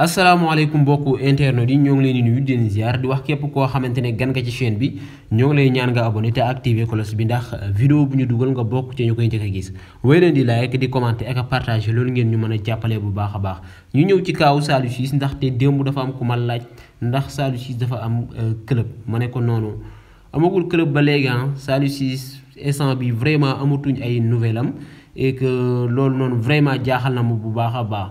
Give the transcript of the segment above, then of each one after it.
asalaamaaleykum mbokku internet yi ñoo ngi leen di nuyu di leen di wax képp koo xamante ne gan nga ci chaîne bi ñoo ngi lay ñaan nga abonné te activer cloche bi ndax vidéo bu ñu dugal nga bokk ci ñu koy njëkk a gis way leen di like di commenter ak a loolu ngeen ñu mën a jàppale bu baax a baax ñu ñëw ci kaaw Saliou Ciss ndaxte démb dafa am ku ma laaj ndax Saliou Ciss dafa am euh, club ma ne ko noonu amagul club ba léegi ah Saliou Ciss instant bi vraiment amatuñ ay nouvelle am loolu noonu vraiment jaaxal na mu bu baax a baax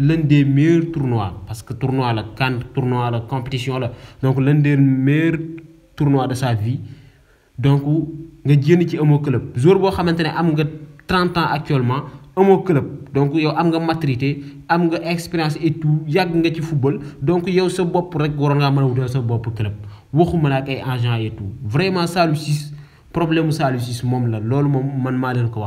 l'un des meilleurs tournois, parce que tournoi, la canne, tournoi, la compétition, donc l'un des meilleurs tournois de sa vie. Donc, nga a ci amoo club joueur bo xamante am nga 30 ans actuellement un club donc yow am nga maturité am nga expérience et tout yag nga ci football donc yow sa un rek pour pour mën sa bop club waxuma nak ay agent et tout vraiment ça Ciss problème ça Saliou Ciss ce la là mom man ma len ko